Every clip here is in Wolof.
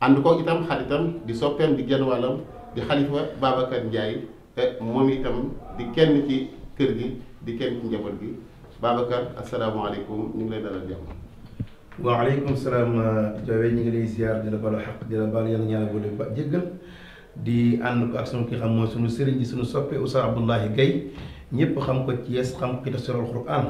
ànd ko itam xaritam di soppeem di genn wàllam di xalifa Babacar Ndiaye moom itam di kenn ci kër gi di kenn ci njaboot gi Babacar asalaamaaleykum ñu ngi lay dalal jàmm. waaleykum salaam euh, Joobe ñu ngi lay ziar di la balu xaq di la baal yàlla ñaar bu ba jéggal di ànd ko ak sunu ki xam mooy sunu sëriñ di sunu soppe Oustaz Abdoulaye Gaye ñëpp xam ko ci Thiès xam ko ci tafsirul Quran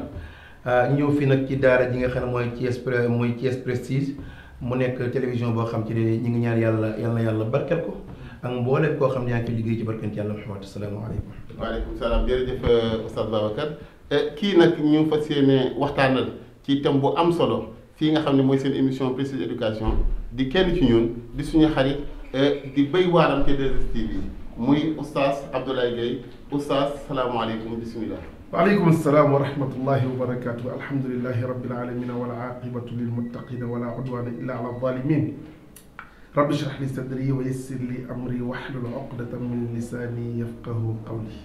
euh, ñëw fi nag ci daara ji nga xam ne mooy Thiès mooy Thiès Prestige. mu nekk télévision boo xam ci ne ñu ngi ñaan yàlla yàlla yàlla barkeel ko ak mboolem koo xam ne yaa ngi liggéey ci barkeel ci yàlla Muhammad salaamaaleykum. waaleykum salaam jërëjëf Oustaz Babacar eh, kii nag ñu fas yéene waxtaanal ci thème bu am solo fii nga xam ne mooy seen émission Prestige éducation di kenn ci ñun di suñu xarit eh, di béy waaram te 2STV muy Oustaz Abdoulaye Gueye Oustaz salaamaaleykum bisimilah. وعليكم السلام ورحمة الله وبركاته الحمد لله رب العالمين والعاقبة للمتقين ولا عدوان إلا على الظالمين رب اشرح لي صدري ويسر لي أمري واحلل عقدة من لساني يفقه قولي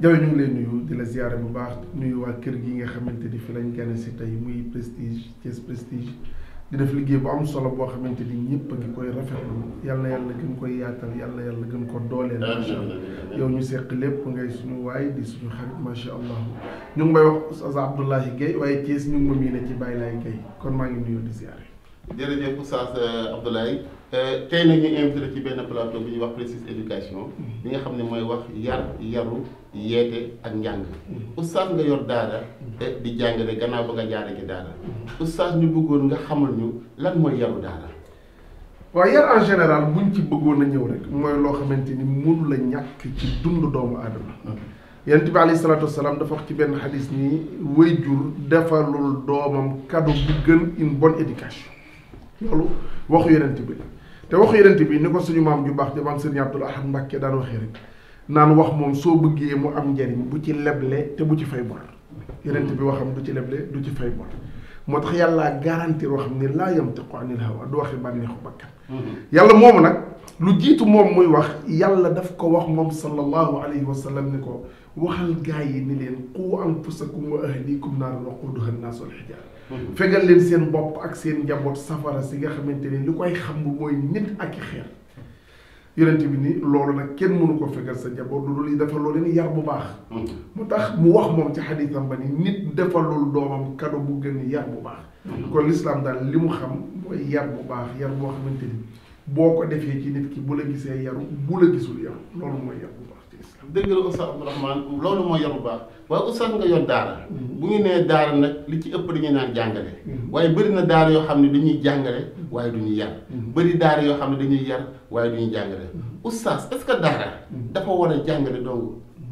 jawe ñu لي leen nuyu di la ziare bu baax nuyu waa kër gi nga xamante ni fi lañ gane برستيج tey muy di def liggéey bu am solo boo xamante ni ñëpp a ngi koy rafetlu yal na yàlla gën koy yaatal yal na yàlla gën ko dooleel macha allah yow ñu seq lépp ngay suñu waay di suñu xarit macha allah ñu ngi may wax Oustaz Abdoulahi Guèye waaye Thiès ñu ngi ma miine ci Baye Laye Guèye kon maa ngi nuyoo di ziare. jërëjëf Oustaz euh, Abdoulahi euh, tey nag ñu invité ci benn plateau bu ñuy wax Précise Éducation. Mm-hmm. bi nga xam ne mooy wax yar yaru. yeete ak njàng mm-hmm. oustaz nga yor daara te mm-hmm. eh, di jàngale gannaaw ba nga jaare ci daara oustaz ñu bëggoon nga xamal ñu lan mooy yaru daara waaw yar en général buñ ci bëggoon a ñëw rek mooy loo xamante ni mënu la ñàkk ci dundu doomu aadama mm-hmm. yonent bi alayhi salaatu dafa wax ci benn xadis nii waajur defalul doomam cadeau bu gën une bonne éducation loolu waxu yonent bi te waxu yonent bi ni ko suñu maam ju baax ja maam Sëriñ Abdul Ahad Mbàkke daan waxee rek naan wax moom soo bëggee mu am njariñ bu ci leble te bu ci fay bor yonent bi waxam du ci leble du ci fay bor moo tax yàlla garantir wax ni laa yamtiqu anil hawa du waxi bànneexu bakkan yàlla moomu nag lu jiitu moom muy wax yàlla daf ko wax moom sallallahu alayhi wa sallam ni ko waxal gaay yi ni leen qu anfusakum wa ahlikum wa naaran an-nas wal hijar fegal leen seen bopp ak seen njabot safara si nga xamante ne li koy xam mooy nit ak i xeer yonent bi nii loolu nag kenn mënu ko fegal sa njaboot lu dul defal loolu leen yar bu baax mu mm-hmm. tax mu wax moom ci xadiisam ba ni nit defalul doomam kado bu gën yar bu baax mm-hmm. kon lislaam daal li mu xam mooy yar bu baax yar boo xamante ni boo ko defee ci nit ki bu la gisee yaru bu la gisul yaru loolu mooy yar bu baax dëgg la Oustaz Abdourahmane loolu mooy yaru baax waaye Oustaz nga yor daara mm-hmm. bu ñu nee daara nag li ci ëpp dañuy naan jàngale mm-hmm. waaye bëri na daara yoo xam ne dañuy jàngale mm-hmm. waaye du ñuy yar bëri daara yoo xam ne dañuy yar waaye du ñuy jàngale Oustaz est-ce que daara dafa war a jàngale dong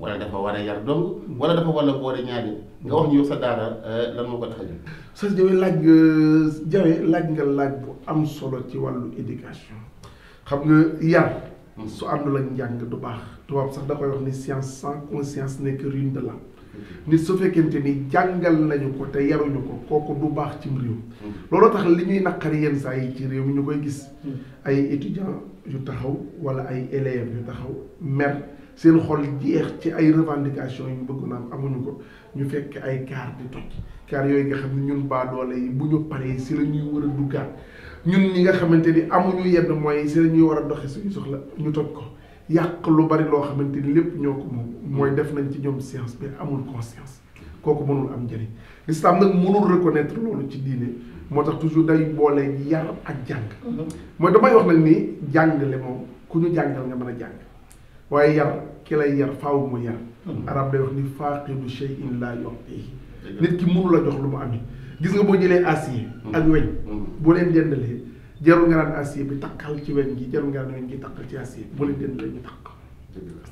wala dafa war a yar dong wala dafa war a boole ñaari nga wax ñu sa daara eh, lan moo ko tax a jóg sa jawe laaj nga jawe nga laaj bu am solo ci wàllu éducation xam nga yar su àndul ak njàng du baax tubaab sax da koy wax ni science sans conscience n'est que ruine de la nit su fekkente ni jàngal nañu ko te yaruñu ko kooku du baax cim réew hmm. looloo tax li ñuy naqari yenn saa yi ci réew mi ñu koy gis hmm. ay étudiants yu taxaw wala ay élèves yu taxaw mer seen xol jeex ci ay revendications yu bëgg na amuñu ko ñu fekk ay kaar di toj kaar yooyu nga xam ne ñun doole yi bu ñu paree si la ñuy war a duggaat ñun ñi nga xamante ni amuñu yenn moyens yi ñuy war a doxe suñu soxla ñu toj ko yàq lu bari loo xamante ni lépp ñoo ko moom mooy def nañ ci ñoom science bi amul conscience kooku mënul am njëriñ l'islam nag mënul reconnaître loolu ci diine moo tax toujours day boole yar ak jàng mooy damay wax nag ni jàngale moom ku ñu jàngal nga mën a jàng waaye yar ki lay yar faaw mu yar hmm. arab day wax ni faaqidu shay'in la yu'tihi nit ki mënul la jox lu mu amee gis nga boo jëlee acier mm. ak weñ mm. boo leen dendalee jarul nga naan acier bi takkal ci weñ gi jarul nga naan weñ gi takkal ci acier boo leen dendalee ñu takk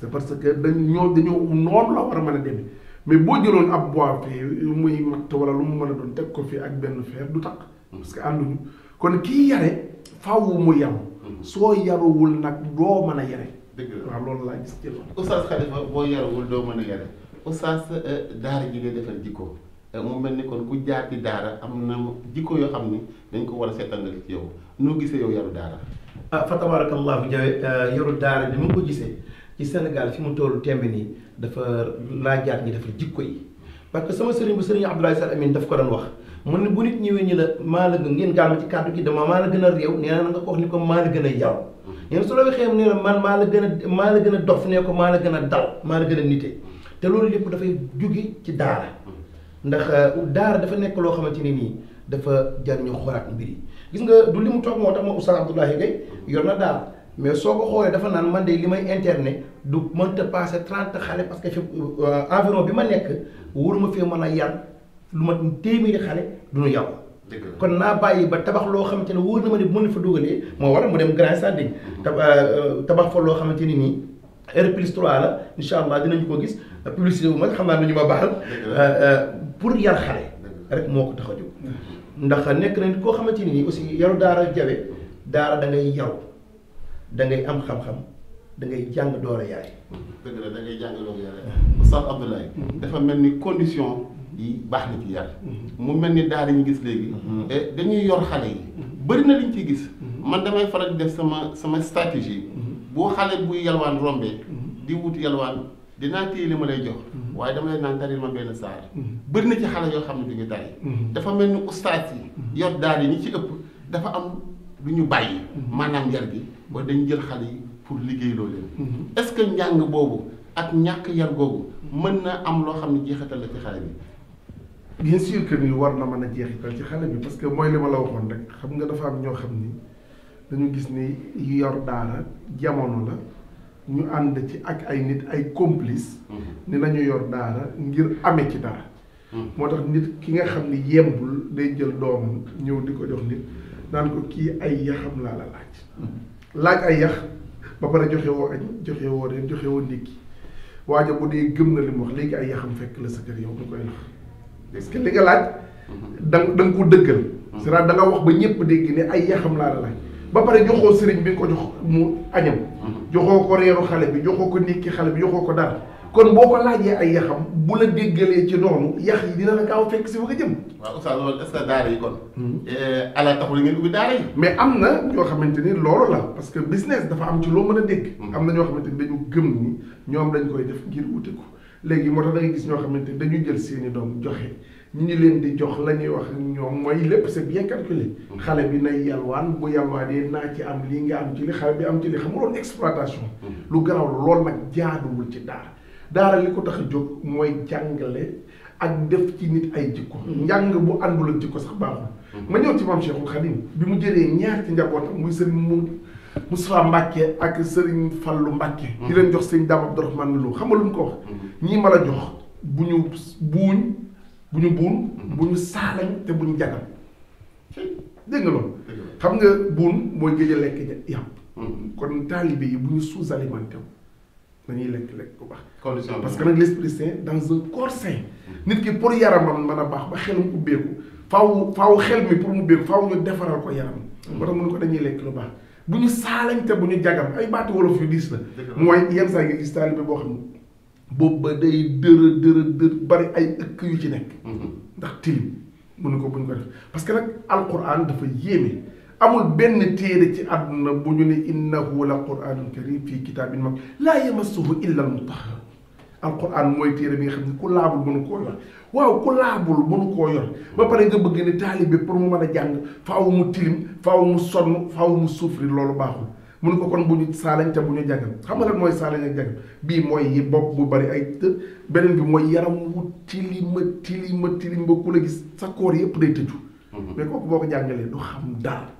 parce que dañ ñoo dañoo noonu la war a mën a demee mais boo jëloon ab bois fee muy matt wala lu mu mën a doon teg ko fii ak benn fer du takk mm. parce que ànduñu kon kii yare faaw mu yaru soo yaruwul nag doo mën a yare dëgg la waaw loolu laa gis boo yaruwul doo mën a yare oustaz euh, daara ji ngay defal jikko mu mel ni kon ku jaar di daara am na jikko yoo xam ni dañ ko war a seetandal ci yow noo gisee yow yaru daara. ah fa tabarakallahu jawe eh, yaru daara bi ma ko gisee ci Sénégal fi mu tollu tembe nii dafa laajaat ñi dafa jikko yi parce que sama sëriñ bu sëriñ Abdoulaye Sall Amin daf ko doon wax mu ne bu nit ñëwee ñu la maa la gën ngeen gàll ci kàddu gi dama maa la gën a réew nee na nga ko wax ni ko maa la gën a yaw ñeen mm-hmm. su la waxee mu ne maa la gën maa la gën a dof nee ko maa la gën a dal maa la gën a nite te loolu lépp dafay jóge ci daara mm-hmm. ndax euh, daara dafa nekk loo xamante ne nii dafa jar ñu xoolaat mbir yi gis nga du li mu toog moo tax ma Oustaz Abdoulaye Gaye yoon na daal mais soo ko xoolee dafa naan man de li may internet du mënta passé trente xale parce que fi euh, environ bi ma nekk ma fee mën a yar lu ma téeméeri xale du ñu yàqu kon naa bàyyi ba tabax loo xamante ne wóor na ma ne bu mën fa dugalee moo waral mu dem grand standing euh, tabax fa loo xamante ni nii R plus 3 la incha allah dinañu ko gis publicité bu mag xam naa nañu ma baaxal euh, euh, pour yar xale rek moo ko tax a jóg ndax nekk na koo xamante ni nii aussi yaru daara jawe daara da ngay yaru dangay am xam-xam da ngay jàng door a yaay dëgg la da a mhm. dafa mel ni condition yi baax na ci yar mhm. mu mel ni daara ñu gis léegi mhm. eh, dañuy yor xale yi bëri na liñ ci gis man damay faral di def sama sama stratégie boo xale buy yalwaan rombee mhm. di wut yalwaan dinaa téye li ma lay jox mhm. waaye dama lay naan taril ma benn saar mhm. bëri na ci xale yoo xam ne duñu tari dafa mel ni ustaas yi yor daal yi ñi ci ëpp dafa am lu ñu bàyyi maanaam yar bi ba dañ jël xale yi pour liggéey loo leen est-ce que njàng boobu ak ñàkk yar googu mën na am loo xam ne jeexital la ci xale bi bien sûr que ni war na mën a jeexital ci xale bi parce que mooy li ma la waxoon rek xam nga dafa am ñoo xam nii dañu gis ni yor daara jamono la ñu ànd ci ak ay nit ay complice mm-hmm. ni nañu yor daara ngir ame ci dara mm-hmm. moo tax nit ki nga xam ni yembul day jël doomam ñëw di ko jox nit naan ko kii ay yaxam laa la laaj mm-hmm. laaj ay yax ba pare joxe woo añ joxe woo reen joxe woo ndékki waaja bu dee gëm na li mu wax léegi ay yaxam fekk la sa kër yow nga koy nax parce que li nga laaj da nga ko dëggal da nga wax ba ñëpp dégg ne ay yaxam laa la laaj ba pare joxoo sëriñ bi ko jox mu añam mm-hmm. joxoo ko reeru xale bi joxoo ko ndékki xale bi joxoo ko dara kon boo ko laajee ay yaxam bu la déggalee ci noonu yax yi dina la gaaw fekk si fa nga jëm. waaw oustaz loolu est-ce que daara yi kon. Mm-hmm. Eh, ala taxul ngeen ubbi daara yi. mais am na ñoo xamante ni loolu la parce que business dafa am ci loo mën a dégg. Mm-hmm. am na ñoo xamante ni dañu gëm ni ñoom dañ koy def ngir wute ko léegi moo tax da gis ñoo xamante ni dañu jël seeni doom joxe. ñu ni leen di jox la ñuy wax ñoom mooy lépp c'est bien calculé. xale bi nay yalwaan bu yi naa ci am lii nga am ci xale bi am ci li xamuloon exploitation. Mm-hmm. lu garaaw lool nag jaaduwul ci daara daara li ko tax a jóg mooy jàngale ak def ci nit ay jikko. Mm-hmm. njàng bu àndul ak jikko sax baaxul. Mm-hmm. ma ñëw ci maam Cheikhul Khadim bi mu jëlee ñaar ci njabootam muy sëriñ mu Moustapha Mbacke ak sëriñ lu Mbacke. di leen jox seen Dame Abdourahmane Lo xam nga lu ko wax. ñii ma jox bu ñu buuñ. bu ñu buun bu ñu saalañ te bu ñu jagal dégg nga xam nga buun mooy gëj a lekk yàpp hmm. kon taalibe yi bu ñu sous-alimenté wu dañuy lekk lekk bu baax parce que nag l'esprit sain dans un corps sain hmm. nit ki pour yaramam mën a baax ba xelum ubbeeku faaw faaw xel mi pour mu ubbeeku faaw ñu defaral ko yaram moo hmm. tax mu ne ko dañuy lekk lu baax bu ñu saalañ te bu ñu jagal ay baatu wolof yu diis la mooy yenn saa nga gis boo xam ne boobu ba day dërë dërë dër bari ay ëkk yu ci nekk. Mhm. ndax tilim mënu ko buñ ko def parce que nag alquran dafa yéeme amul benn téere ci àdduna bu ñu ne innahu la quranun karim fii kitaabin mag laa mu tax almutahhar alquran mooy téere bi nga xam ne ku laabul mënu koo yor waaw ku laabul mënu koo yor ba pare nga bëgg ne taalibe pour mu man a jàng faaw mu tilim faaw mu sonn faaw mu souffrir loolu baaxul. mun ko kon bu ñu saalañ te bu ñu jagal xam nga lan mooy saalañ ak jagal bii mooy yi bopp bu bari ay të beneen bi mooy yaram wu tilima tilima tilima ku a gis sa koor yëpp day tëju mhm. mais kooku boo ko jàngalee du xam dara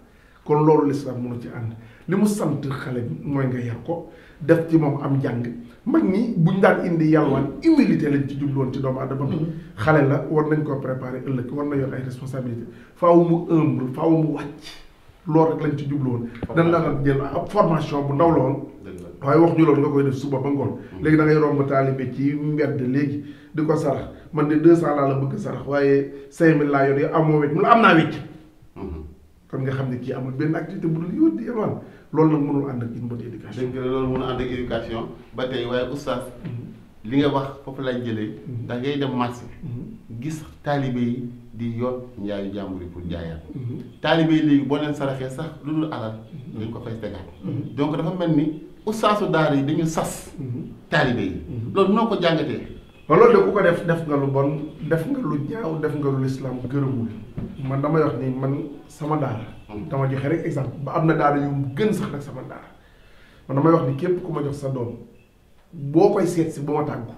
kon loolu lislaam mënu ci ànd li mu sant xale bi mooy nga yar ko def ci moom am jàng mag ñi buñ daan indi yalwaan humilité lañ ci jubloon ci doomu adama bi mhm. xale la war nañ koo préparer ëllëg war na yor ay responsabilité faaw mu humble faaw mu lool rek lañ ci jublu woon dañ la jël ab formation bu ndaw la waaye wax ñu loolu nga koy def suba ba ngoon mm. léegi da ngay romb taalibe ci mbedd léegi di ko sarax man de deux cent laa la bëgg sarax waaye cinq mille laa yor yi amoo wecc mu la am naa ci mm-hmm. kon nga xam ne kii amul benn activité bu dul yóot di yelwaan loolu nag mënul ànd ak une bonne éducation loolu mënul ànd ak éducation ba tey waaye oustaz mm-hmm. li nga wax foofu laay jëlee mm-hmm. da ngay dem marché gis taalibe yi di yoot njaayu jàmbur yi pour jaayaat. Mhm. taalibe yi léegi boo leen saraxee sax lu dul alal. Mhm. dañ ko fay tegaat. Mhm. donc dafa mel ni ustaasu daal yi dañu sas. taalibe yi. loolu noo ko jàngatee. loolu de ku ko def def nga lu bon def nga lu ñaaw def nga lu lislaam gërëmul man damay wax ni man sama daara. dama joxe rek exemple ba am na daara yu gën sax nag sama daara man damay wax ni képp ku ma jox sa doom boo koy seet si bu ma tàggu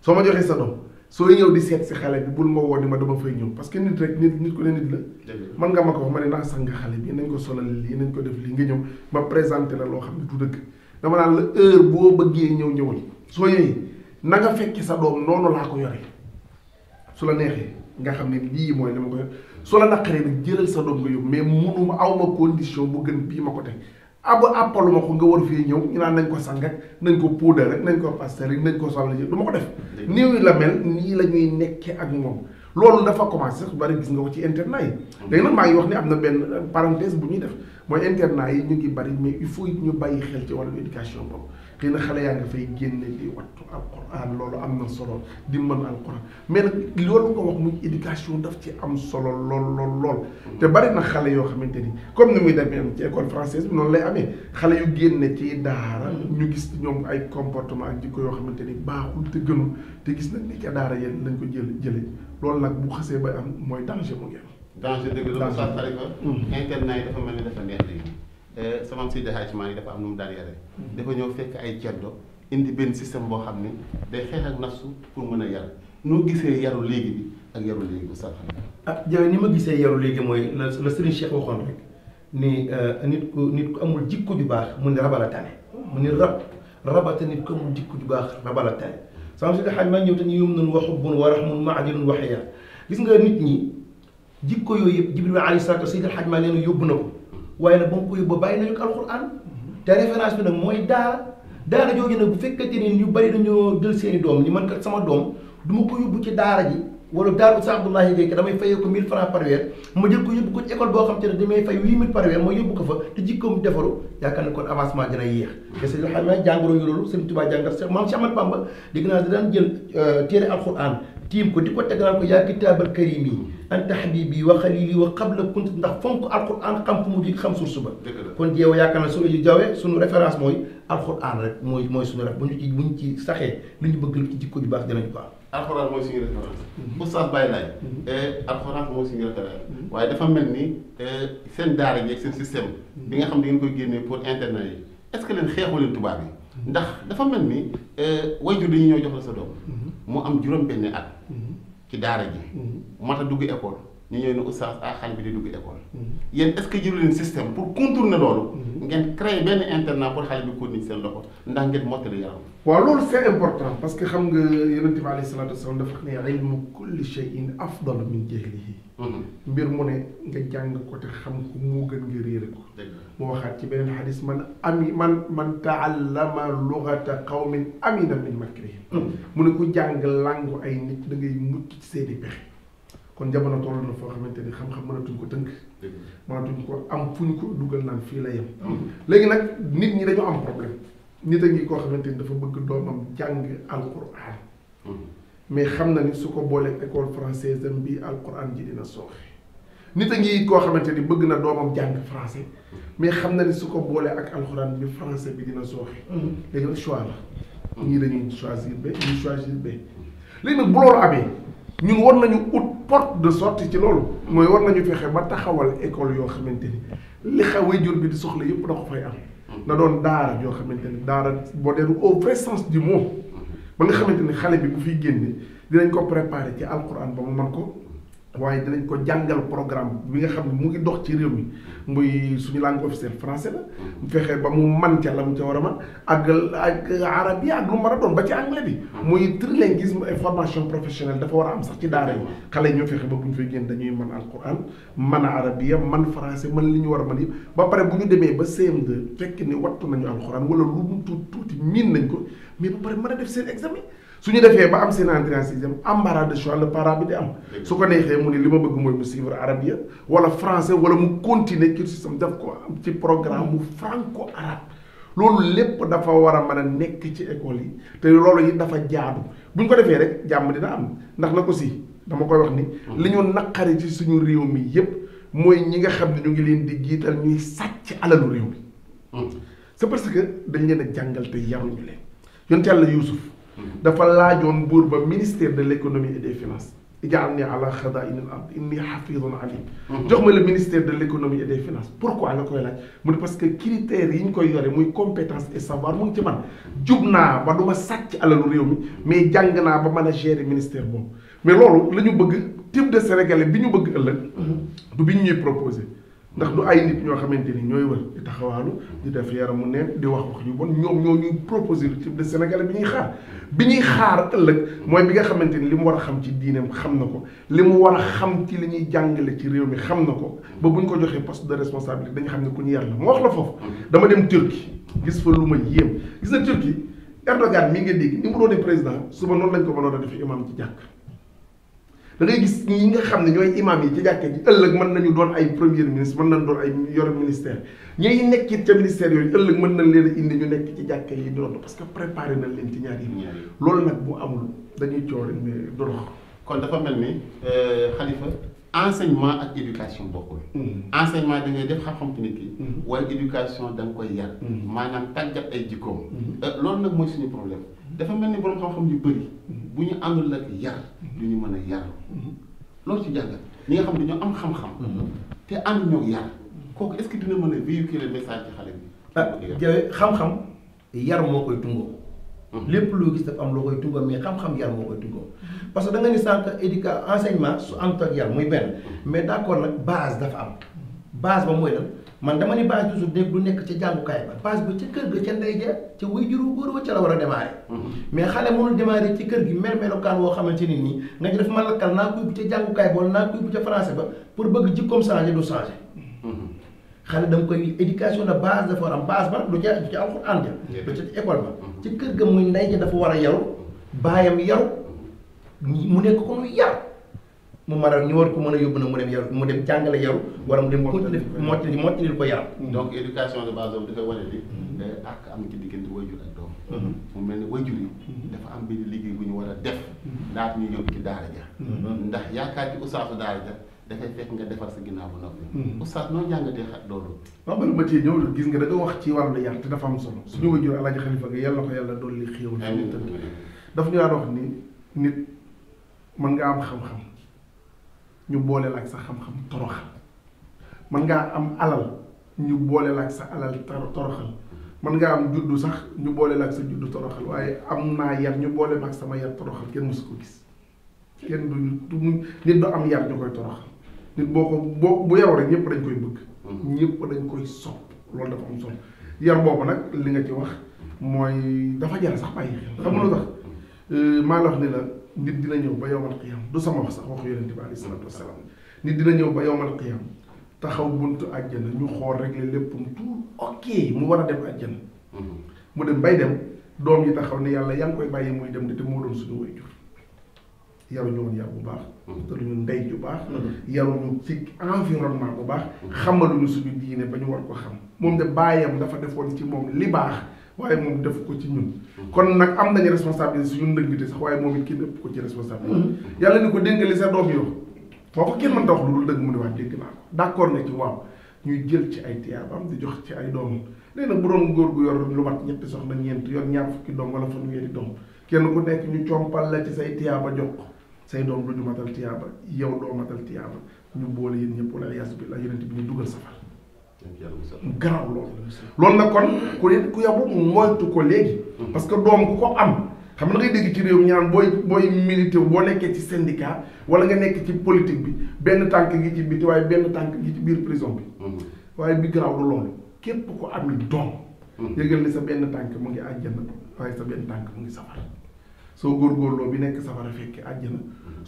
soo ma joxee sa doom. sooy ñëw di seet si xale bi bul ma woo ni ma dama fay ñëw parce que nit rek nit nit ku ne nit la man nga ma ko wax ne naa sang xale bi nañ ko solal lii nañ ko def lii nga ñëw ma présenté la loo xam ne dëgg dama naan la heure boo bëggee ñëw ñëwal soo yooyu na nga fekki sa doom noonu laa ko yore su la neexee nga xam ne lii mooy li ma ko yore su la naqaree nag jëlal sa doom nga yóbbu mais munuma aw ma condition bu gën bii ma ko teg ab appalu ma ko nga war fii ñëw ñu naan nañ ko sang nañ ko puudar rek nañ ko pasteur rek nañ ko sol du ma ko def nii la mel nii la ñuy nekkee ak moom loolu fa commencé sax bari gis nga ko ci internat yi léegi nag maa ngi wax ni am na benn parenthèse bu ñuy def mooy internat yi ñu ngi bari mais il faut ñu bàyyi xel ci wàllu éducation boobu xëy na xale yaa nga fay génne di wattu alquran loolu am na solo di mën alquran mais nag loolu nga wax mu éducation daf ci am solo lool lool lool te bari na xale yoo xamante ni comme ni muy demee ci école française bi noonu lay amee xale yu génne ci daara ñu gis ñoom ay comportement ak jikko yoo xamante ni baaxul te gënul te gis nañ ni ca daara yéen lañ ko jël jële loolu nag bu xasee ba am mooy danger mu ngi am danger dëgg la Moussa Khalifa mm. internet yi dafa mel ni sama am Seydi Hadji Malick dafa am nu mu daan yare ay ceddo indi benn système boo xam ne day nafsu pour mën yar noo gisee yaru léegi bi ak yaru léegi bu sax ni ma gisee yaru léegi mooy la la Serigne rek ni nit ku nit ku amul jikko ju baax mu ni rab rabata nit ku amul jikko ju baax sama Seydi Hadji Malick ñëw yum nun wa xubbun wa rahmun maadilun wa nit ñi jikko yooyu Jibril alayhi salaatu wa Seydi waaye nag ba mu ko yóbbu bàyyi nañu ko alxuraan te référence bi nag mooy daara daara jooju nag bu fekkente ni ñu bari dañoo jël seen i doom ñi man kat sama doom du ma ko yóbbu ci daara ji wala daara bu sa Abdoulahi Gaye damay fayee ko 1000 francs par weer ma yóbbu ko boo xam ne damay fay par weer ma yóbbu ko fa te jikkoom defaru yaakaar ne kon avancement dina yéex te sa yoo xam ne jàngoro yu loolu Sëriñ Tuubaa jàngal Cheikh Maam Cheikh Ahmad Bamba daan jël euh, téere alxuraan تيم كنت كنت كنت يا كتاب الكريم انت حبيبي وخليلي وقبل كنت ندخ فنك القران قام في مبيك خمس سبع كنت يا ويا كان سوي جاوي سونو ريفيرانس موي القران رك موي موي سونو رك بونتي بونتي صاحي لي بغ لي تي كوي باخ دينا كوا القران موي سيغي ريفيرانس مصطفى باي لاي القران موي سيغي ريفيرانس واي دا فا ملني سين دار ني سين سيستم ليغا خا ديغن كوي غيني بور انترنت است كو لين خيخو لين توبابي ndax dafa melni euh wayju dañ ñoo joxla sa doom mhm. mu am juróom benn at ci daara ji. mat mm-hmm. a dugg école. ñu ñëw ne oustaz ah xale bi di dugg école. Mhm. yéen est-ce que système pour contourner loolu. Mhm. ngeen créer benn internat pour xale bi continuer seen loxo ndax ngeen mottali yaram. waaw loolu c'est important parce que xam nga yonent bi alayhi salaatu wasalaam dafa xam ne ilmu kulli shay'in mhm. ne nga jàng ko te xam moo gën nga réere ko. mu waxaat ci beneen xadis man ami man man taallama lugata qawmin amina min makrihim mu ne ku jàng langu ay nit da ngay mucc ci seeni pexe. kon jamono toll na foo xamante ni xam-xam mënatuñ ko tënk. mënatuñ ko am fu ñu ko dugal naan fii la yem. léegi nag nit ñi dañu am problème nit a ngi koo xamante ni dafa bëgg doomam jàng alquran. mais xam na ni su ko boolee école française am bi alquran ji dina sooxe. nit a ngi koo xamante ni bëgg na doomam jàng français mais xam na ni su ko boolee ak alxuraan bi français bi dina sooxe. léegi nag choix la. ñii dañuy choisir ba ñuy choisir be léegi nag bu loolu amee. ñun war nañu ut porte de sortie ci loolu mooy war nañu fexe ba taxawal école yoo xamante ni li xaw way jur bi di soxla yëpp da ko fay am na doon daara yoo xamante ni daara boo dee au vrai sens du mot ba nga xamante ni xale bi bu fiy génne dinañ ko préparer ci alquran ba mu man ko waaye dinañ ko jàngal programme bi nga xam ne mu ngi dox ci réew mi muy suñu langue officielle français la mu fexe ba mu man ca la mu ca war a man ak ak arab yi ak lu mar a doon ba ci anglais bi muy trilinguisme et formation professionnelle dafa war a am sax ci daara yi xale ñoo fexe ba bu ñu fay génn dañuy man alquran man arabia man français man li ñu war a man yëpp ba pare bu ñu demee ba CM2 fekk ni wattu nañu alquran wala lu mu tuuti tuuti miin nañ ko mais ba mën def seen examen su ñu defee ba am seen entrée en sixième embarras de choix le bi di am. su ko neexee mu ne li ma bëgg mooy mu suivre arabia wala français wala mu continuer cursusam def ko ci programme mu franco arabe. loolu lépp dafa war a mën a nekk ci école yi te loolu yi dafa jaadu bu ñu ko defee rek jàmm dina am ndax nag aussi dama koy wax ni. li ñu naqari ci suñu réew mi yépp mooy ñi nga xam ne ñu ngi leen di jiital ñuy sàcc alalu réew mi. c'est parce que dañ leen a jàngal te yaruñu leen yonent Yàlla Yuusuf dafa laajoon buur ba ministère de l' économie et des finances ij'alnii ala xazaa'ini l-ard inni hafiizun alim jox ma le ministère de l' économie et des finances pourquoi la koy laaj mu ne parce que critère yi ñu koy yore muy compétence et savoir mu ngi ci man jub naa ba du ma sàcc alalu réew mi mais jàng naa ba mën a gérer ministère boobu mais loolu la ñu bëgg type de sénégalais bi ñu bëgg ëllëg du bi ñu ñuy proposer ndax du ay nit ñoo xamante ni ñooy wër di taxawaalu di def yaramu neen di wax wax ñu bon ñoom ñoo ñuy proposé le type de sénégalais bi ñuy xaar bi ñuy xaar ëllëg mooy bi nga xamante ni li mu war a xam ci diineem xam na ko li mu war a xam ci li ñuy jàngale ci réew mi xam na ko ba bu ñu ko joxee poste de responsabilité dañu xam ne ku ñu yar la moo wax la foofu. dama dem Turquie gis fa lu ma yéem gis na Turquie Erdogan mii nga dégg ni mu doonee président suba noonu lañ ko mënoon a def imam ci jàkk da ngay gis ñi nga xam ne ñooy imam yi ci jàkka ji ëllëg mën nañu doon ay premier ministre mën nañ doon ay yor ministère ñooy nekk ca ministère yooyu ëllëg mën nañ leen a indi ñu nekk ci jàkka yi doon parce que préparé nañ leen ci ñaari yi loolu nag boo amul dañuy coow rek ne kon dafa mel ni xalifa euh, enseignement et éducation mhm. enseignement da ngay def xam-xam mhm. éducation koy yar. manam mhm. ay jikom euh, problème dafa melni borom xam-xam yu en vous de àndul yar duñu mëna yar loolu ci jangal ni nga xam dañu am xam-xam. té ñok yar est-ce que dina mën a le message ci xalé bi. Ah, xam-xam yar koy lépp loo gis dafa am loo koy tunga mais xam-xam yar moo koy tunga parce que da nga ni sànq éduca enseignement su ànd ak yar muy benn mais d'accord nag base dafa am base ba mooy lan man dama ni base toujours nekk du nekk ca jàngukaay ba base ba ca kër ga ca ndey ja ca way juru góor wa ca la war a démarrer mais xale mënul démarrer ci kër gi mel-melokaan woo xamante nit nii nga ci def ma lakkal naa koy bu ca jàngukaay bool naa koy ca français pour bëgg jikkoom changer du changer xale dama koy éducation de base dafa war am base ba lu ca du ca alxuraan ja du ca école ba ci kër ga muy ndey ja dafa war a yaru baayam yaru mu nekk ko muy yaru mu mën ñu war ko mën a yóbbu na mu dem yaru mu dem jàngale yaru wala mu dem continuer mottali mottali ko yaru mm-hmm. donc éducation de base boobu dafay wane ni mm-hmm. eh, ak am ci diggante wayjur ak doom mm-hmm. mu mel ne wayjur yi dafa am benn liggéey bu ñu war a def ndaat ñu yóbbu ci daara ja ndax yaakaar ci ustaasu daara ja dafay fekk nga defar sa ginnaaw ba noppi. Hmm. oustaz noo jàngatee xat loolu. ma ciy ñëw gis nga da wax ci wàllu yar te dafa am solo suñu hmm. wajur Alaaji Xalifa nga yàlla ko yàlla dolli xéew na nit daf ñu daan wax ni nit mën nga am xam-xam ñu booleel ak sa xam-xam toroxal mën ngaa am alal ñu booleel ak sa alal toroxal mën nga am juddu sax ñu booleel ak sa juddu toroxal waaye am naa yar ñu booleel ak sama yar toroxal kenn mësu ko gis kenn du du am yar koy toroxal nit boo ko boo bu yaroo rek ñëpp hmm. dañ koy bëgg. ñëpp dañ koy sopp loolu dafa am solo yar boobu nag li nga ci wax mooy dafa jar sax bàyyi xam nga ya? lu tax hmm. eh, maa la wax ni la nit dina ñëw ba yowmal ya qiyam du sama wax sax waxu yonente bi alayhi salaatu nit dina ñëw ba yowmal ya qiyam taxaw buntu àjjana ñu xool rek li lépp mu tuur ok mu war a dem àjjana. Hmm. mu dem bay dem doom yi taxaw ne yàlla yaa koy bàyyi muy dem de te doon suñu way yaruñu woon yar bu baax. tëruñu ndey ju baax. yaruñu ci environnement bu baax. lu xamaluñu suñu diine ba ñu war ko xam moom de baayam dafa defoon ci moom li baax waaye moom def ko ci ñun. kon nag am nañu responsabilité suñu ndëngte sax waaye moom it kenn ëpp ko ci responsabilité. yàlla ni ko dénkali sa doom yoo boo ko kenn mënta wax lu dul dëgg mu ne wax dégg naa ko d'accord ne ci waaw ñuy jël ci ay tiyaabaam di jox ci ay doom léegi nag bu doon góor gu yor lu mat ñetti soxna ñeent yor ñaar fukki doom wala fanweeri doom kenn ku nekk ñu compal la ci say tiyaaba jox ko say doom du ñu matal tiyaaba yow doo matal tiyaaba ñu boole yéen ñëpp wala yas bi la yonent bi ñu dugal safar garaaw loolu loolu nag kon ku leen ku yabu moytu ko léegi mm-hmm. parce que doom ku ko am xam na ngay dégg ci réew ñaan booy booy milité boo nekkee ci syndicat wala nga nekk ci politique bi benn tànk gi ci biti waaye benn tànk gi ci biir prison bi mm-hmm. waaye bi garaaw du loolu képp ko am doom mm-hmm. yëgal ni sa benn tànk mu ngi àjjana waaye sa benn tànk ngi safar soo góorgóorloo bi nekk safara fekki àjjana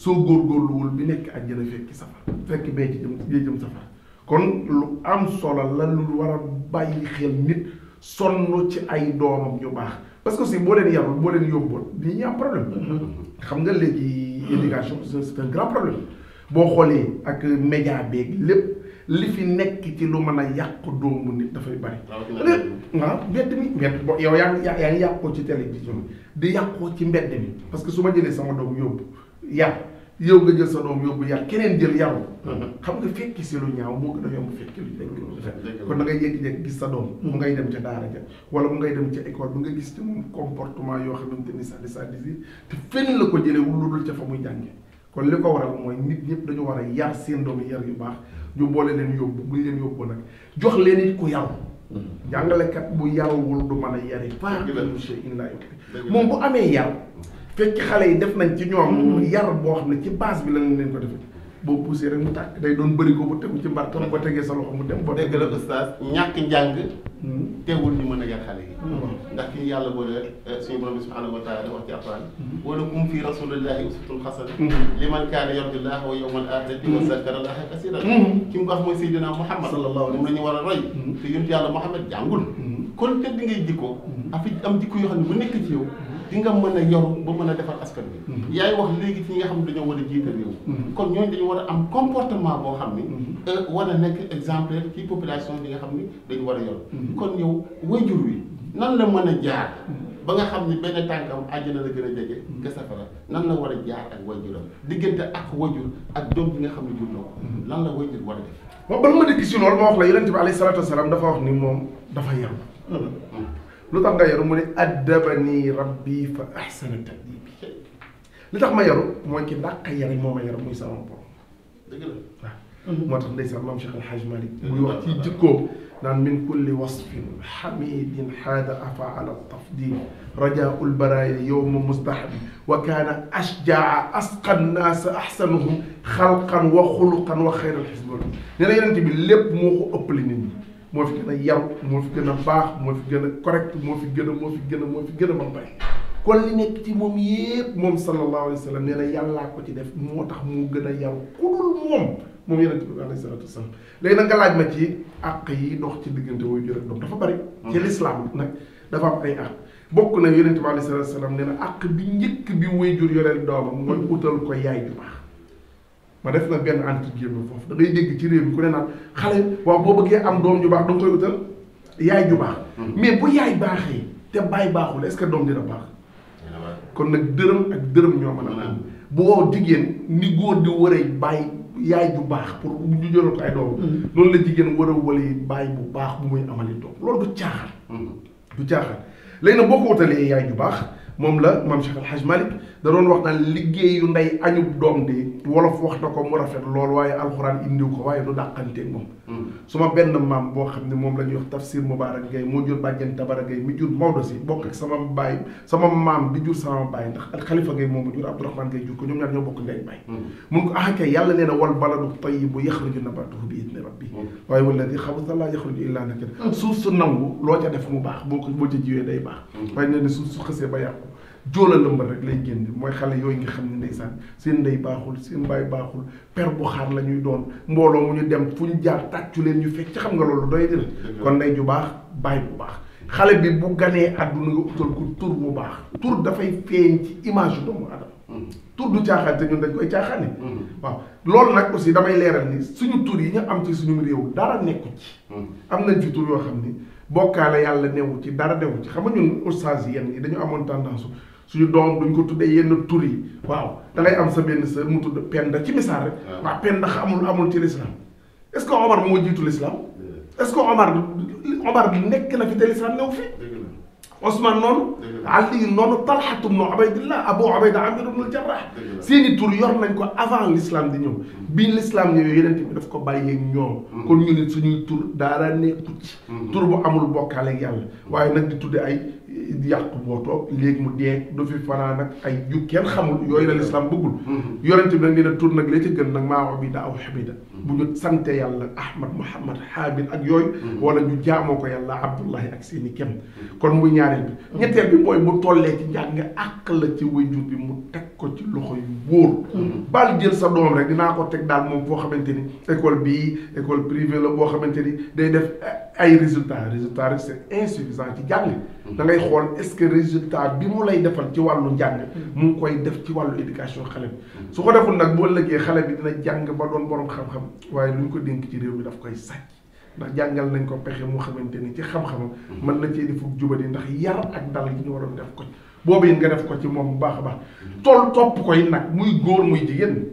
soo góorgóorluwul bi nekk àjjana fekki safara fekk bee ci jëm jëm safara kon lu am solo la lu war a bàyyi xel nit sonn ci ay doomam ñu baax parce que si boo leen yarul boo leen yóbboon dañuy am problème xam nga léegi éducation c'est un grand problème boo xoolee ak média beeg lépp li fi nekk ci lu man a yàq doomu nit dafay bari waaw mbedd mi mbedd bo yow yaa ngi yaa ngi yàqoo ci télévision bi di yàqoo ci mbedd mi parce que su ma jëlee sama doom yóbbu yar yow nga jël sa doom yóbbu yar keneen jël yaru mhm. xam nga fekki si ñaaw moo gën a yomb fekki lu ñaaw kon sa doom mu ngay dem ca daara ja wala mu ngay dem ca école bi nga gis ci moom comportement yoo xamante ni sadi sadi si te fenn la ko jëlee wuludul ca fa muy jànge kon li ko waral mooy nit ñëpp dañu war a yar seen doom yar yu baax ñu boole leen yóbbu bu ñu leen yóbbu nag jox leen it ku yaru mm-hmm. jàngalekat bu yaruwul du mën a yari par monsieur inna moom bu amee yar fekk xale yi def nañ ci ñoom mm-hmm. yar boo xam ne ci base bi lañ leen ko defee boo poussé rek mu tàkk day doon bëri ko bu tegu ci mbartam boo tegee sa loxo mu dem boo dégg la oustaz ñàkk njàng hmm. teewul ñu mën a yar xale yi hmm. ndax ki yàlla boole eh, suñu borom bi subhanahu wa taala wax ci alquran hmm. wala kum fii rasulillahi uswatun xasana liman kaana yarjullaha wa yawmal aaxirati wa zakara allaha kasira ki mu wax mooy sayyidina muhammad sallallahu alayhi moom la ñu war a roy te yonent yàlla muhammad jàngul kon tedd ngay jikko afi am jikko yoo xam ne bu nekk ci yow di nga mën a yor ba mën a defar askan bi mm-hmm. yaay wax léegi ci ñi nga xam ne dañoo war a jiite réew mm-hmm. kon ñooñu dañu war a am comportement boo xam ni mm-hmm. euh, war a nekk exemplaire ci population bi nga xam ni dañu war a yor kon yow wayjur wi nan la mën a jaar ba nga xam ni benn tànkam àjjana la gën a jege ke safara nan la war a jaar ak wajuram diggante ak wajur ak doom bi nga xam ne jur na ko la wajur war a def moom bala ma dëkk si loolu ma wax la yonent bi dafa wax ni moom dafa yaru لطخ غا ادبني ربي فاحسن التاديب لطخ ما يرو موي موما يرو موي سامو بور شيخ الحاج مالك من كل وصف حميد حاد افا على التفضيل رجاء البرايا يوم مستحب وكان اشجع اسقى الناس احسنهم خلقا وخلقا وخير الحزب نرا يونتي بي ليب موكو اوبلي نيت moo fi gën a yaw moo fi gën a baax moo fi gën a correct moo fi gën a moo fi gën a moo fi gën a mën bay kon li nekk ci moom yépp moom sallallahu alayhi wa nee na yàllaa ko ci def moo tax mu gën a yaw ku moom moom yonent bi alayhi nag laaj ma ci àq yi dox ci diggante wuy jur ak doom dafa bari ci hmm. lislaam nag dafa am ay àq bokk na yonent bi alayhi salaatu wasalaam nee na àq bi njëkk bi wuy jur yoreel doomam mooy utal ko yaay ju baax ma def na benn entre guillemets foofu da ngay dégg ci réew mi ku ne naan xale waaw boo bëggee am doom ju baax da nga koy utal yaay ju baax. Hmm. mais bu yaay baaxee te baay baaxul ce que doom dina baax. kon nag dërëm ak dërëm ñoo mën a am. Hmm. boo jigéen ni góor di waree bàyyi yaay bu baax pour ñu jëloon ko ay doom. Hmm. loolu la jigéen war bu baax bu muy amali doom loolu du caaxaan. du caaxaan léegi nag boo ko utalee yaay ju baax moom la maam Cheikh Al Hadj danoon wax naan liggéeyu ndey añub doom de wolof wax na ko mu rafet lool waaye alxuraan indiw ko waaye du dàqanteeg moom. Hmm. suma benn maam boo xam ne moom la ñuy wax tafsir Moubarak Gueye moo jur bàjjen Tabara Gueye mi jur Maodo si bokk ak sama baay sama maam bi jur sama baay ndax ak Khalifa Gueye moom mu jur Abdourahmane Gueye jur ko ñoom ñaar ñoo bokk ndey baay. Hmm. mun ko ah kay yàlla nee na wal baladu tayyibu yaxruju nabatuhu bi idni rabbi hmm. waaye walladi xabusa laa yaxruju illaa nakira suuf su nangu loo ca def mu baax boo ko boo ca jiwee day baax. waaye nee na suuf su xësee ba yàqu joola lëmbal rek lay génne mooy xale yooyu nga xam ne ndeysaan seen ndey baaxul seen baay baaxul per bu xaar la ñuy doon mbooloo mu ñu dem fu ñu jaar tàccu leen ñu fekk ci xam nga loolu doy dina kon ndey ju baax baay bu baax xale bi bu ganee àdduna nga utal ko tur bu baax tur dafay feeñ ci image yu doomu adama mm. tur du caaxaan te ñun dañ koy caaxaane mm. waaw loolu nag aussi damay leeral ni suñu tur yi ñu am ci suñu réew dara nekku ci mm. am nañ ci tur yoo xam ni bokkaale yàlla newu ci dara newu ci xam nga ñun ustaas yi yenn yi dañu amoon tendance suñu doom duñ ko tuddee yenn tur yi waaw da ngay am sa benn sœur mu tudd Penda ci misaal rek. waaw Penda amul amul ci l'islam est-ce que Omar moo jiitu l'islam est-ce que Omar Omar nekk na fi te l'islam new fi عثمان نون علي نون طلحة بن عبيد الله أبو عبيد عامر بن الجراح سيني توريور نانكو أفان الإسلام دي نيو بين الإسلام نيو يلن تيب دفكو باي نيو كون نيو نيو نيو تور دارا نيو كوتش تور بو أمول بو كالي يال واي نك دي تودي أي ياك بو تو ليك مو دي دو في فانا نك أي يو كين خمول يو يلن الإسلام بقول يلن تيب نيو نيو تور نك ليتي جن نك ما عبيد أو حبيدا bu ñu sante yàlla ahmad muhammad haamid ak yooyu mm-hmm. wala ñu jaamoo ko yàlla abdullahi ak seeni kem kon muy ñaareel bi mm-hmm. ñetteel bi mooy mu tollee ci njàng nga àq la ci wayjur bi mu teg ko ci loxo yu wóor mm-hmm. baal jël sa doom rek dinaa ko teg daal moom foo xamante ni école bii école privée la boo xamante ni day def ay résultat résultat rek c'est insuffisant ci jàng da ngay xool est-ce que résultat bi mu lay defal ci wàllu njàng mu ngi koy def ci wàllu éducation xale bi su ko deful nag boo ëllëgee xale bi dina jàng ba doon boroom xam-xam waaye lu ñu ko dénk ci réew mi daf koy sàcc ndax jàngal nañ ko pexe mu xamante ni ci xam-xamam mën na cee defuk jubadi ndax yar ak dal yi ñu waroon def ko boobu yi nga def ko ci moom bu baax a baax tool topp koy nag muy góor muy jigéen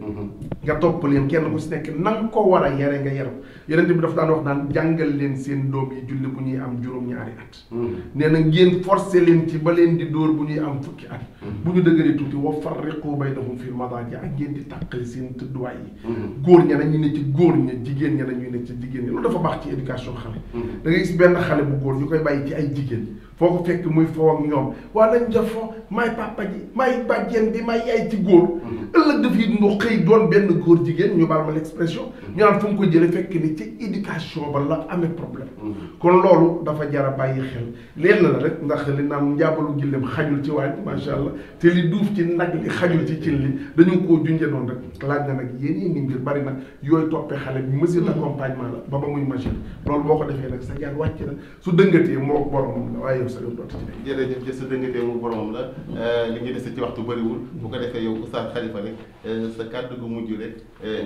nga topp leen kenn ku si nekk na ko war a yare nga yaram yeneen bi dafa daan wax naan jàngal leen seen doom yi julli bu ñuy am juróom-ñaari at hmm. nee na ngeen forcé leen ci ba leen di dóor bu ñuy am fukki at hmm. bu ñu dëgëree tuuti wa farriqu baynahum fil madaaji ak ngeen di tàqali seen tëdduwaay yi hmm. góor ña dañuy ne ci góor ña jigéen ña dañuy ne ci jigéen ña loolu dafa baax ci éducation xale da ngay benn xale bu góor ñu koy bàyyi ci ay jigéen foo ko muy foo ak ñoom waa lañ jafo maay papa ji maay bàjjen bi maay yaay ci góor ëllëg dafay doon benn benn góor jigéen ñu ma l'expression mm-hmm. fekk ni ci éducation ba la mm-hmm. kon loolu dafa jar a bàyyi xel rek ndax li naam njaabalu gillem xajul ci waañ macha allah te li duuf ci nag li xajul ci cin li dañu koo junje noonu rek laaj nag yéen yéen ngir bari nag yooyu toppee xale bi mesure mm-hmm. d'accompagnement la ba ba muy machine loolu boo ko defee nag sa jaar wàcc na su dëngatee moo boromam la waaye yow sa yoon dootu ci jërëjëf jë su dëngatee moo euh, waxtu bëriwul bu ko defee yow oustaz Khalifa rek euh, sa kàddu gu mujj Eh,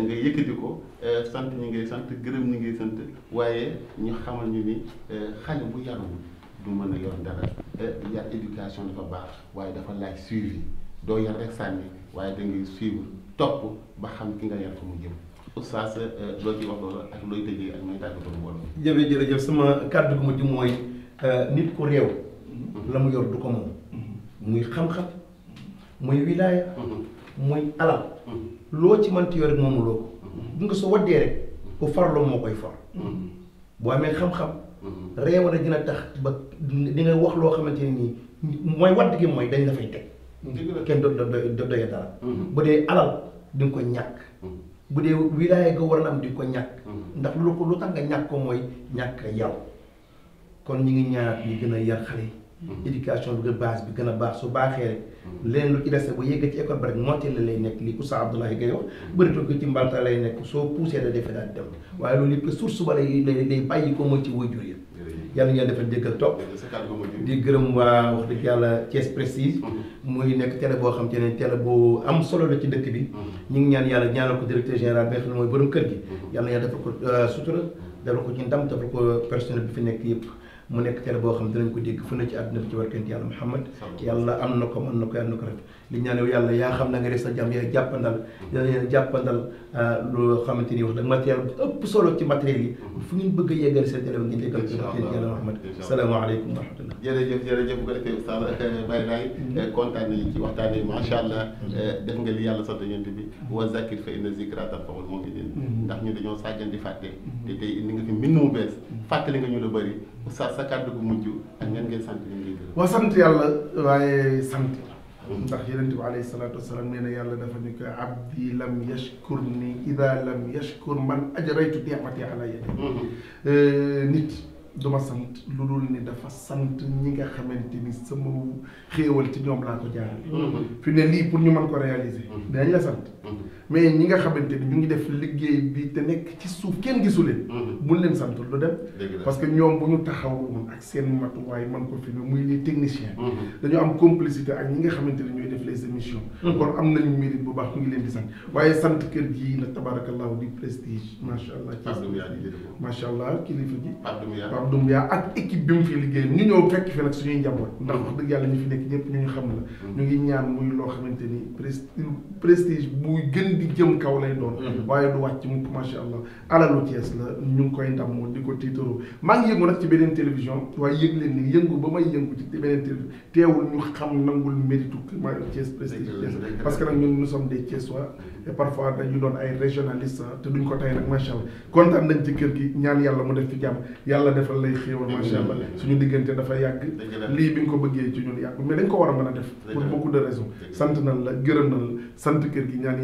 nga yëkkati ko eh, sant ñu ngay sant gërëm ñu ngay sant waaye ñu xamal ñu ni eh, xale bu yaruwul du mën a yor dara yar éducation dafa baax waaye dafa laaj suivi doo yar rek sànni waaye da ngay suivre topp ba xam ki nga yar fu mu jëm. oustaz loo ciy wax loolu ak looy tëjee ak may tàggatoo lu bon. jërëjëf jërëjëf sama kàddu gu mujj mooy nit ko réew. Mhm. la mu yor du ko moom. Mhm. muy xam-xam. muy wilaaya. Mhm. muy alal. loo ci mënti yore moomu loo ko mm-hmm. du nga soo waddee rek ku farloo moo koy far mm-hmm. boo amee xam-xam mm-hmm. réew a dina tax ba di nga wax loo xamante ne nii mooy wadd gi mooy dañ dafay teg kenn do do doye dara bu dee alal di nga ko ñàkk bu dee wilaaya nga war na am ko ñàkk ndax lu ko lu tax nga ñàkk ko mooy ñàkk yaw kon ñi ngi ñaar ñi gën a yar xale Mhm. éducation bi nga base bi gën a baax su baaxee rek mhm. leneen lu ci dese bu yéggee ci école ba rek moitié la lay nekk li Oustaz Abdoulaye Gaye wax mhm. bëritoo ko ci mbalta lay nekk soo poussé da defee daal dem waaye loolu yëpp source ba lay bàyyi ko mooy ci waajur yi yàlla ñu defal déggal topp di gërëm waa wax dëgg yàlla Thiès Prestige muy nekk télé boo xam te ne télé boo am solo la ci dëkk bi ñu ngi ñaan yàlla ñaanal ko directeur général bi nga xam ne mooy borom kër gi yàlla yàlla defal ko euh, sutura defal ko ci ndam defal ko personnel bi fi nekk yëpp mu nekk télé boo xam ne dinañ ko dégg fu ne ci àdduna bi ci barkanti yàlla Muhammad yàlla am na ko mën na ko yàlla na ko rafet li ñaan yow yàlla yaa xam na nga def sa jàmm yaa jàppandal dina leen jàppandal euh, loo xamante ni wax dëgg matériel bu ëpp solo ci matériel yi fu ngeen bëgg a yeggal seen téléphone ngeen yeggal ci yàlla Muhammad salaamaaleykum wa rahmatullah jërëjëf jërëjëf bu ko defee euh, mm-hmm. euh, ci waxtaan yi macha allah mm-hmm. def nga li yàlla sant yonent bi wa zakir fa inna zikra mm-hmm. ñu dañoo sàggan di fàtte te tey ni nga fi mbind mu bees fàttali nga ñu lu bari oustaz sa kàddu ko mujj ak ngeen ngeen sant yàlla waaye sant ومتخ يرنتو عليه الصلاة والسلام من يالا دفنك عبدي لم يشكرني إذا لم يشكر من أجريت على يدي آه، نت دوما سانت لولول ني دافا سانت نيغا خامتيني سما خيوال تي نيوم لا كو جاري Mm-hmm. mais ñi nga xamante ñu ngi def liggéey bi te nekk ci suuf kenn leen mm-hmm. parce que ñoom bu ñu ak seen man ko les techniciens mm-hmm. dañu am complicité ak nga les émissions kon mérite bu baax ngi leen di sant waaye sant kër prestige macha allah macha allah kilifa ji Pape ak équipe bi mu fi fekk fi dëgg fi xam la ñu ngi ñaan muy prestige buy gën di jëm kaw lay doon. Mhm. waaye du wàcc mukk macha allah alalu Cees la ñu ngi koy ndàmmoo di ko tiitaroo maa ngi yëngu nag ci beneen télévision waaye yëg leen ni yëngu ba may yëngu ci beneen télévision teewul ñu xam nangul méritu parce que nag ñun nous sommes des Thiessois parfois dañu doon ay régionalistes ah, te duñ ko tey nag macha allah kontaan nañ ci kër gi ñaan yàlla mu def fi jàmm yàlla defal lay xéewal macha suñu diggante dafa yàgg lii bi nga ko bëggee a a def de raisons sant nañ la gërëm nañ la sant kër gi ñaan